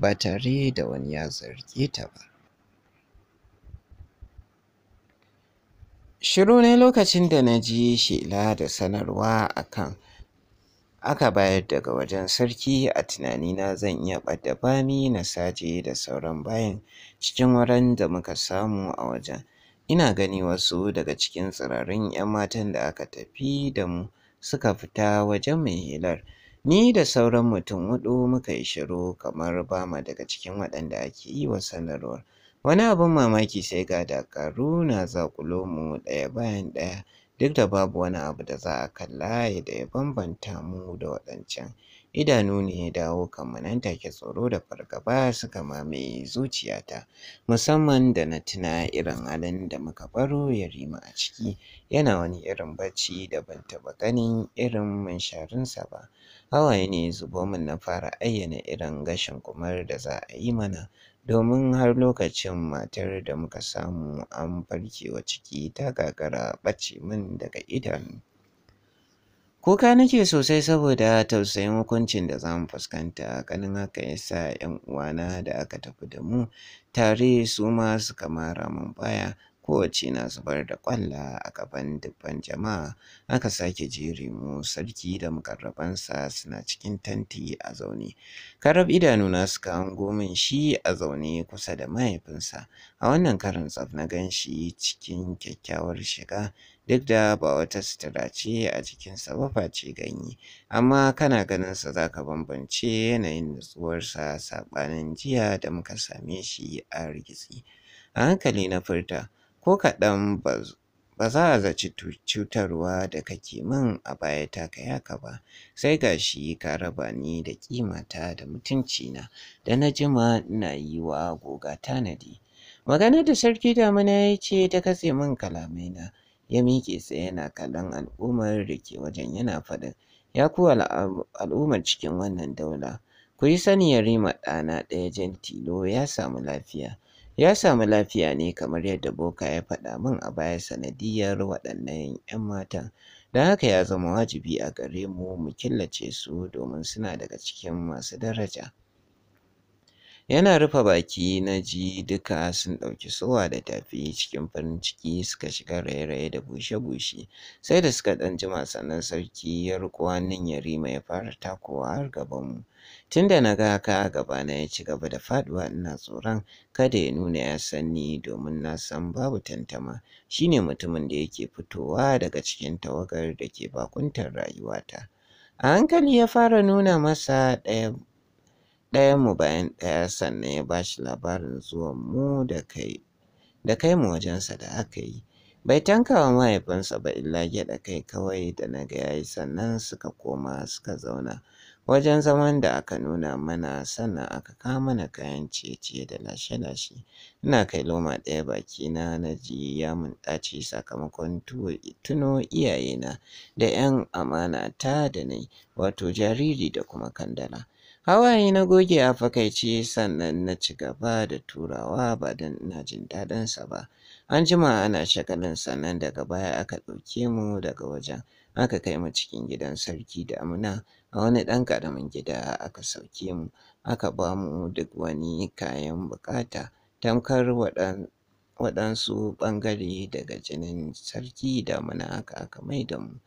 ba tare da wani ya zarge ta ba. Shiru ne lokacin da na ji shela da sanarwa akan aka bayar daga wajen sarki a tunanina zan iya ɓadda bami na saje da sauran bayan cikin wurin da muka samu a wajen. Ina gani wasu daga cikin tsirarin 'yan matan da aka tafi da mu suka fita wajen mai hilar. Ni da sauran mutum huɗu muka yi shiru kamar ba ma daga cikin waɗanda ake yi wa sanarwar. Wani abin mamaki sai ga dakaru na zaƙulo mu ɗaya bayan ɗaya duk da babu wani abu da za a kalla da ya bambanta mu da waɗancan. idanu ne ya dawo kamar nan take tsoro da fargaba suka mamaye zuciyata musamman da na tuna irin halin da muka baro ya rima a ciki yana wani irin bacci da ban taɓa ganin irin munsharinsa ba hawaye ne zubo min na fara ayyana irin gashin kumar da za a yi mana domin har lokacin matar da muka samu an barkewa ciki ta gagara ɓace min daga idanu Kuka nake sosai saboda tausayin hukuncin da za mu fuskanta ganin haka ya sa 'yan uwana da aka tafi da mu tare su ma suka mara min baya kowace na zubar da kwalla a gaban dubban jama'a aka sake jere mu sarki da mukarrabansa suna cikin tanti a zaune karab idanuna suka hango min shi a zaune kusa da mahaifinsa a wannan karin tsaf na gan shi cikin kyakkyawar shiga duk da ba wata sutura ce a jikinsa ba face ganye amma kana ganin sa za ka bambance yanayin nutsuwarsa saɓanin jiya da muka same shi a rigitsi a hankali na furta ko kaɗan ba za a zaci cutarwa da kake min a baya ta kai haka ba sai ga shi ka raba ni da ƙimata da mutuncina da na jima ina yi wa goga tanadi magana da sarki damina ya ce ta katse min na. ya miƙe tsaye yana kallon al'ummar da ke wajen yana faɗin ya ku al'ummar cikin wannan daula ku yi sani Yarima ɗana ɗaya jan tilo ya samu lafiya ya samu lafiya ne kamar yadda boka ya faɗa min a baya sanadiyar waɗannan 'yan mata. don haka ya zama wajibi a gare mu mu killace su domin suna daga cikin masu daraja Yana rufe baki na ji duka sun ɗauki sowa da tafi cikin farin ciki suka shiga raye-raye da bushe-bushe. Sai da suka ɗan jima sannan sarki ya riƙo hannun Yarima ya fara takowa har gabanmu. Tun da na ga ka haka na ya ci gaba da faɗuwa ina tsoron kada ya nuna ya san ni domin na san babu tantama. shine mutumin da yake fitowa daga cikin tawagar da ke bakuntar rayuwata. A hankali ya fara nuna masa ɗaya mu bayan ɗaya sannan ya bashi labarin zuwan mu da kai da kai mu wajensa da aka yi bai tankawa mahaifinsa ba illa gyaɗa kai kawai da na ga yayi sannan suka koma suka zauna wajen zaman da aka nuna mana sannan aka kawo mana kayan ciye-ciye da lashe-lashe ina kai loma ɗaya bakina na ji ya mun ɗaci sakamakon tuno iyayena da 'yan amana ta da ni, wato jariri da kuma kandala Hawaye na goge a fakaice sannan na ci gaba da turawa ba don ina jin daɗinsa ba. An jima ana shagalin sannan daga baya aka ɗauke mu daga wajen aka kai mu cikin gidan sarki da amina a wani ɗan ƙaramin gida aka sauke mu aka ba mu duk wani kayan buƙata tamkar waɗansu ɓangare daga jinin sarki da amina haka aka da mu.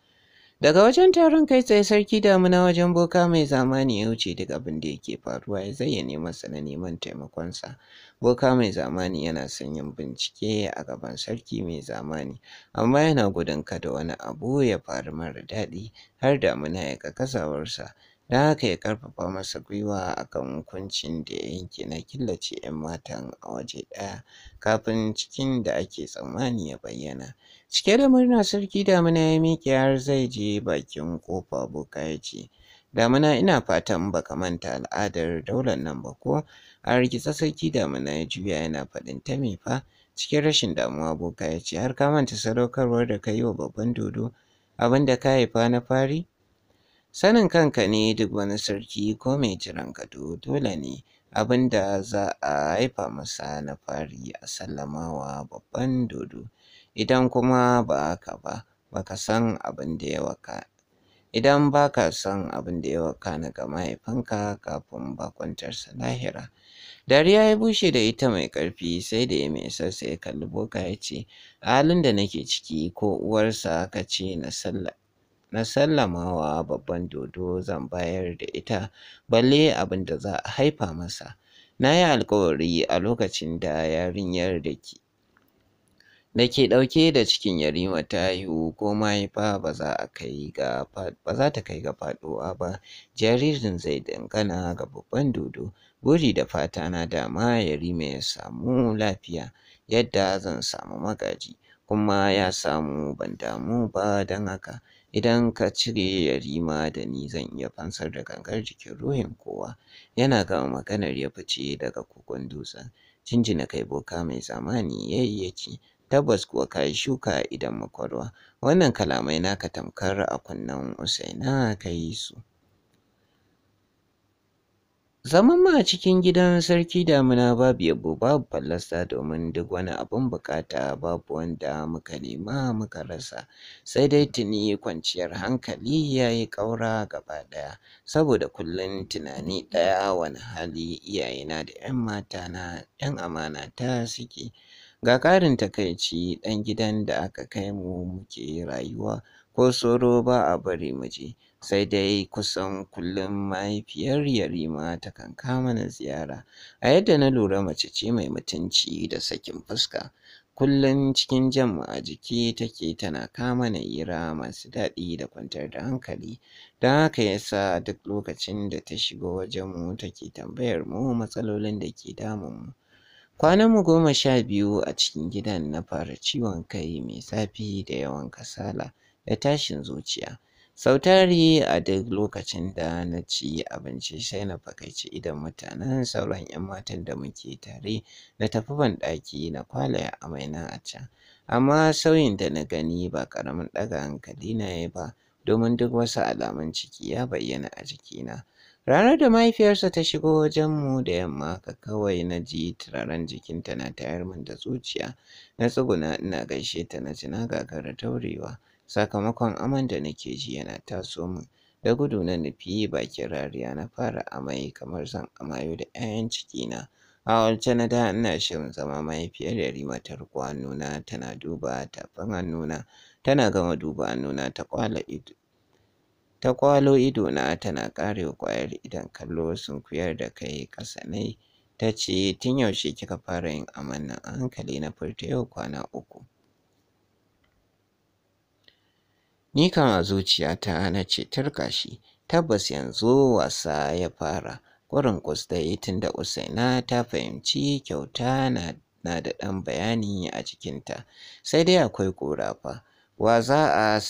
Daga wajen taron kai tsaye sarki damuna wajen boka mai zamani ya wuce duk abin da yake faruwa ya zayyane masa na neman taimakonsa. Boka mai zamani yana son yin bincike a gaban sarki mai zamani amma yana gudun kada wani abu ya faru mara daɗi har damuna ya ga kasawarsa. da haka ya ƙarfafa masa gwiwa a kan hukuncin da ya yanke na killace 'yan matan a waje ɗaya kafin cikin da ake tsammani ya bayyana. Cike da murna sarki damina ya miƙe har zai je bakin ƙofa boka ya ce, damina ina fatan baka manta al'adar daular nan ba ko? A rikice sarki damina ya juya yana faɗin ta me fa? Cikin rashin damuwa boka ya ce, har ka manta sadaukarwar da ka yi wa babban dodo abin da ka haifa na fari? Sanin kanka ne duk wani sarki ko mai jiran gado dole ne abin da za a haifa masa na fari a sallamawa babban dodo. Idan kuma ba haka ba, baka san abin da ya waka. Idan ba ka san abin da ya na ga mahaifinka kafin bakwantarsa lahira. Dariya ya bushe da ita mai ƙarfi sai da ya mai sassa ya kalli boka ya ce, a halin da nake ciki ko uwarsa ka ce na sallah. na sallamawa babban dodo zan bayar da ita balle abin da za a haifa masa na yi alkawari a lokacin da yarinyar da ke da ke ɗauke da cikin yarima ta yiwu ko mahaifa ba za kai ga ta kai ga faɗuwa ba jaririn zai dangana ga babban dodo buri da fata na dama yarima ya samu lafiya yadda zan samu magaji kuma ya samu ban damu ba don haka Idan ka cire yarima da ni zan iya fansar da gangar jikin ruhin kowa. Yana gama maganar ya fice daga kogon dutsen. Jinjina kai boka mai zamani ya yi ce Tabbas kuwa ka yi shuka idan makwarwa. Wannan kalamai naka tamkar a kunnen Usaina ka yi su. Zaman ma a cikin gidan sarki damina babu yabo babu fallasa domin duk wani abin bukata babu wanda muka nema muka rasa sai dai tuni kwanciyar hankali ya yi ƙaura gaba ɗaya saboda kullum tunani ɗaya wani hali iyayena da 'yan na 'yan amanata suke. Ga ƙarin takaici ɗan gidan da aka kai mu muke rayuwa ko soro ba a bari mu je. sai dai kusan kullum mahaifiyar Yarima takan kama na ziyara. A yadda na lura mace ce mai mutunci da sakin fuska, kullum cikin jan a jiki take tana kama na hira masu daɗi da kwantar da hankali. Don haka ya sa duk lokacin da ta shigo wajenmu take tambayar mu matsalolin da ke mu kwanan mu goma sha biyu a cikin gidan na fara ciwon kai mai zafi da yawan kasala da tashin zuciya. Sau tari a duk lokacin da na ci abinci sai na fakaici idon mutanen sauran 'yan matan da muke tare na tafi banɗaki na kwalaye amaina a can. Amma sauyin da na gani ba ƙaramin ɗaga hankali na yi ba domin duk wasu alamun ciki ya bayyana a jikina. Ranar da mahaifiyarsa ta shigo wajenmu da yamma ka kawai na ji turaren jikinta na tayar min da zuciya. Na tsuguna ina gaishe ta na ji na gagara taurewa. sakamakon aman da nake ji yana taso min da gudu na nufi bakin rariya na fara amai kamar zan amayo da 'ya'yan cikina a wance na da ina shirin zama mahaifiyar yarima ta riƙo hannuna tana duba tafin hannuna tana gama duba hannuna ta ido ta kwalo idona tana ƙare ƙwayar idan kallo sunkuyar da kai ƙasa nai ta ce tun yaushe kika fara yin aman nan a hankali na furta yau kwana uku Ni kan a zuciyata na ce tarkashi tabbas yanzu wasa ya fara. Ƙwarin ƙwas dai tunda Usaina ta fahimci kyauta na da ɗan bayani a cikinta, sai dai akwai ƙorafa. wa wai za a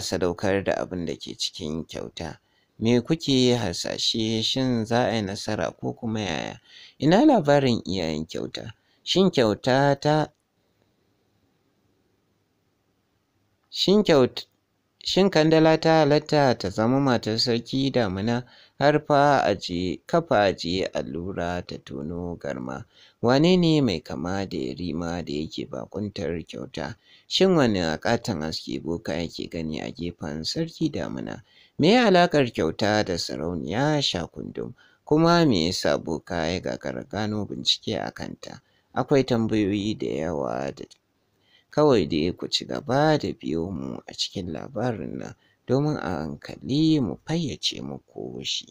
sadaukar da abin da ke cikin kyauta. Me kuke hasashe shin za a yi nasara ko kuma yaya? Ina labarin iyayen kyauta? Shin kyauta ta Shin Kandala ta halatta ta zama matar Sarki Damina har fa kafa ajiye allura ta tono garma? Wane ne mai kama da yarima da yake baƙuntar kyauta? Shin wane katon aski boka yake gani a gefen Sarki Damina? Me ya alaƙar kyauta da Sarauniya sha kundum, Kuma me yasa boka ya gagara gano bincike a kanta? Akwai tambayoyi da yawa da Kawai dai ku ci gaba da biyo mu a cikin labarin nan domin a hankali mu fayyace muku shi.